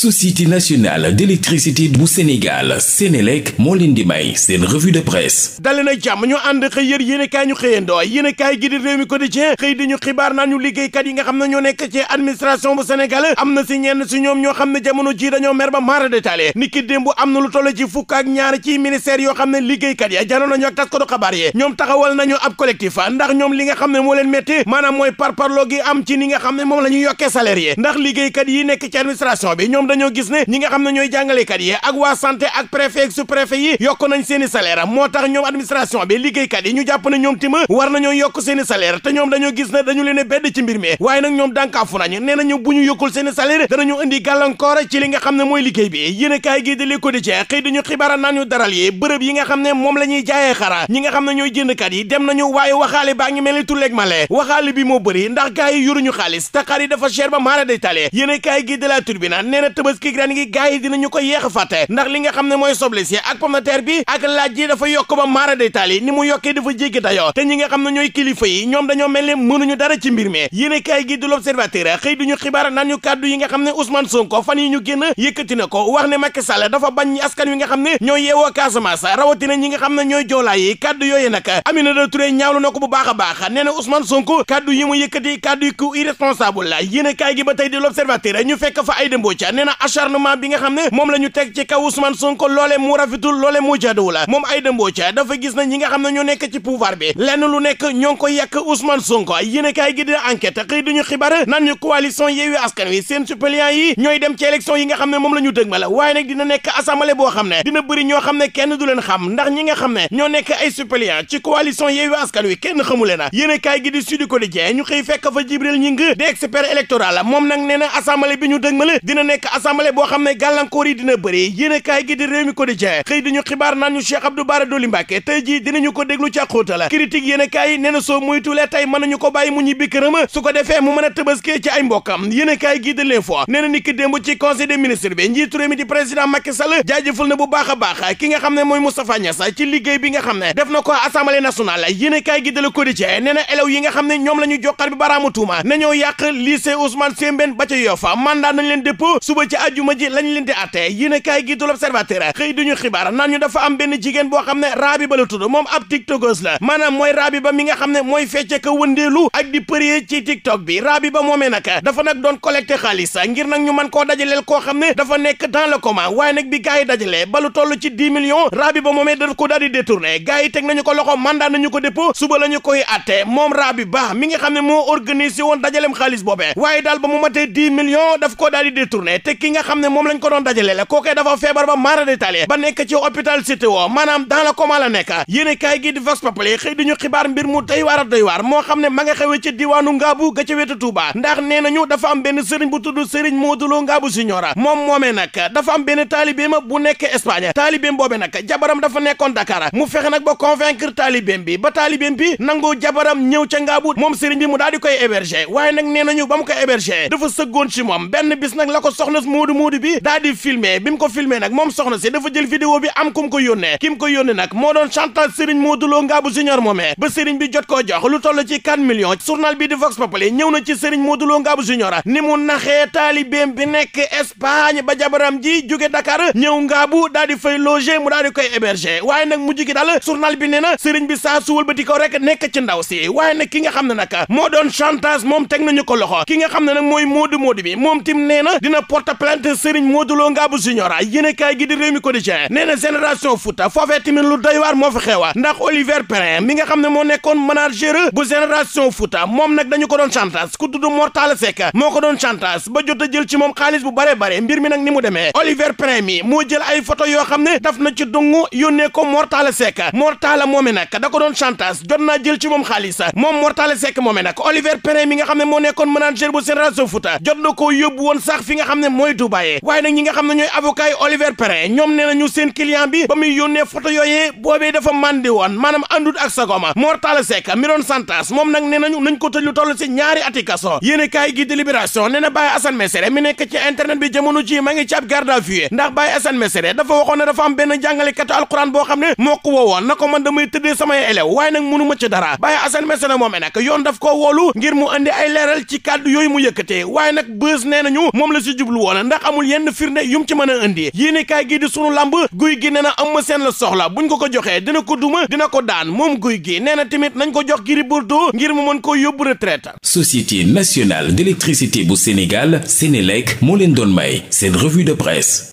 société nationale d'électricité bu Sénégal Sénélec moo leen di may seen revue de presse dali jàmm ñu ànd xëy yër yéenekaay ñu xëyandoo yéenekaay gi di Rewmi Quotidien xëy di ñu xibaar naan ñu liggéeykat yi nga xam ne ñoo nekk ci administration bu Sénégal am na si ñenn si ñoom ñoo xam ne jamono ji dañoo mer ba mara détaillé ni ki démb am na lu toll ci fukk ak ñaar ci ministère yoo xam ne liggéeykat ya janoon nañu ak taskatu xabaar yi nañu ab collectif ndax ñoom li nga xam ne moo leen métti maanaam mooy parparloo gi am nga xam ne moom la ñu yokkee salaire yi ndax liggéeykat yi nekk ci bi ñoom dañoo gis ne ñi nga xam ne ñooy jàngalekat yi ak waa santé ak préfet ak sous yi yokk nañ seen i moo tax ñoom administration bi liggéeykat yi ñu jàpp ne ñoom tima war nañoo yokk seen i salaire te ñoom dañoo gis ne dañu leene bedd ci mbir mi waaye nag ñoom dànkaafu nañ nee nañu bu ñu yokkul seen i salaire danañu indi gàllankoor ci li nga xam ne mooy liggéey bi yéen a kaay gii di Le Quotidien xëy dañu xibaara naan ñu daral yi bërëb nga xam ne moom la ñuy jaayee xara ñi nga xam ne ñooy jëndkat yi dem nañu waaye waxaale baa ngi mel ni tulleeg male waxaale bi moo bëri ndax gars yi yoruñu xaalis a kaay gii de La Tribune nee na tabaski ren gi gars yi dinañu ko yéex a fàtte ndax li nga xam ne mooy soble si ak pomme bi ak laaj ji dafa yokk ba maara taali ni mu yokkee dafa jéggi dayoo te ñi nga xam ne ñooy kilifa yi ñoom dañoo mel ne mënuñu dara ci mbir mi yéen kaay gi du l'observateur xëy duñu xibaar naan ñu kàddu yi nga xam ne Ousmane Sonko fan yi ñu génn yëkkati na ko wax ne Macky Sall dafa bañ askan wi nga xam ne ñooy yeewoo Casamance rawatina ñi nga xam ne ñooy joolaa yi kàddu a baax nee na Ousmane Sonko kàddu ba tey di l'observateur ñu fekk fa ay maanaam acharnement bi nga xam ne moom la ñu teg ci kaw Ousmane Sonko loole mu rafetul loole mu jaaduwul moom Aïda Mbodj dafa gis na ñi nga xam ne ñoo nekk ci pouvoir bi lenn lu nekk ñoo ko yàq Ousmane Sonko yéene kaay gi di enquête xëy duñu xibaar naan ñu coalition Yewwi Askan Wi seen suppléants yi ñooy dem ci élection yi nga xam ne moom la ñu dëgmal waaye nag dina nekk assemblée boo xam ne dina bëri ñoo xam ne kenn du leen xam ndax ñi nga xam ne ñoo nekk ay assemblée boo xam ne gàllankoor yi dina bëri yéen a kaay gi di réew mi ko di jeex xëy diñu xibaar naan ñu Cheikh Abdou Bara Dolly Mbacké tey jii dinañu ko déglu ca xóota la critique yéen a kaay nee na soo muytulee tey ko bàyyi mu ñibbi këram su ko defee mu mën a tëbaskee ci ay mbokkam yéen a kaay gi di l'info nee ni ki démb ci conseil des ministres bi njiitu réew mi di président Macky Sall jaajëfal na bu baax a ki nga xam ne mooy Moustapha Niasse ci liggéey bi nga xam ne def a kaay ne ñoom la ñu joxar bi baraamu suba ci àjjuma ji lañ leen di àtte yéenekaay gi du xëy duñu xibaar naan ñu dafa am benn jigéen boo xam ne raabi ba la tudd moom ab tiktokeuse la maanaam mooy raabi ba mi nga xam ne mooy fecce ka wëndeelu ak di përee ci tiktok bi raabi ba moomee nag dafa nag doon collecté xaalis ngir nag ñu mën koo dajaleel koo xam ne dafa nekk dans le coma waaye nag bi gars yi dajalee ba lu toll ci dix millions raabi ba moomee daf ko daal di détourné teg nañu ko loxo mandat nañu ko dépôt suba la koy te ki nga xam ne moom lañ ko doon dajale la kookee dafa feebar ba mara détaillé ba nekk ci hôpital cité woo maanaam dans le coma la nekk yéen gi di vox populi xëy xibaar mbir mu doy waar a doy waar moo xam ne ma xewee ci diwaanu ngaabu ga ca ndax nee nañu dafa benn sëriñ bu tudd sëriñ mooduloo ngaabu siñora moom moomee nag dafa am benn taalibeem bu nekk Espagne taalibeem boobee nag jabaram dafa nekkoon Dakar mu fexe nag ba mu daal di koy héberger waaye nag bës moodu moodu bi daa di filmer bi mu ko filmer nag moom soxna si dafa jël vidéo bi am ku mu ko yónnee ki ko yónnee nag moo doon chantage bi jot koo jox lu toll ci 4 millions journal bi di Vox Populi ñëw na na ko rek ki nga xam ne nag moo doon moom teg nañu ko loxo ki nga xam ne nag mooy Modou Modou bi moom tim nee dina porte porte plainte Serigne Modou Lo Ngabou Junior yéene kaay gi di Rewmi Quotidien nee na génération foot foofee tamit lu doy moo fa xewa ndax Olivier Perrin mi xam ne moo nekkoon manager bu génération foot moom nag dañu ko doon chantage ku tudd Mortala Seck moo ko doon chantage ba jot a jël ci moom xaalis bu bare bare mbir mi nag ni mu demee Olivier mi moo jël ay photo yoo xam ne daf na ci dungu yónnee ko ko doon chantage jot moom xaalis moom Mortala ko yóbbu woon mooy Dubaay waaye nag ñi nga xam ne ñooy avocat yi Oliver Perrin ñoom nee nañu seen client bi ba muy yónnee photo yooyee boobee dafa màndi woon maanaam àndut ak sagoma Mortala Seck mi doon santas moom nag nee nañu nañ ko tëj lu toll ci ñaari ati kaso yéen kaay gi délibération nee na Baye Assane Mesere mi nekk ci internet bi jamono ji ma ngi ci ab garde à vue ndax Baye Assane Mesere dafa waxoon ne dafa am benn jàngalekatu alquran boo xam ne moo ko woowoon na ko man ma dara Baye Assane Mesere moom yoon daf ko woolu ngir mu andi ay leeral yooyu mu yëkkatee waaye nag bës nee nañu moom la si jublu wala ndax amul yenn firnde yum ci mën a indi yéene kaay gi di sunu lamb guy gi nee na Eumeu Sène la soxla buñ ko ko joxee dina ko duma dina ko daan moom guy gi nee na tamit nañ ko jox Gris Bordeaux ngir mu mën koo yóbbu retraite. Société nationale d'électricité bu Sénégal Sénélec moo leen doon may seen revue de presse.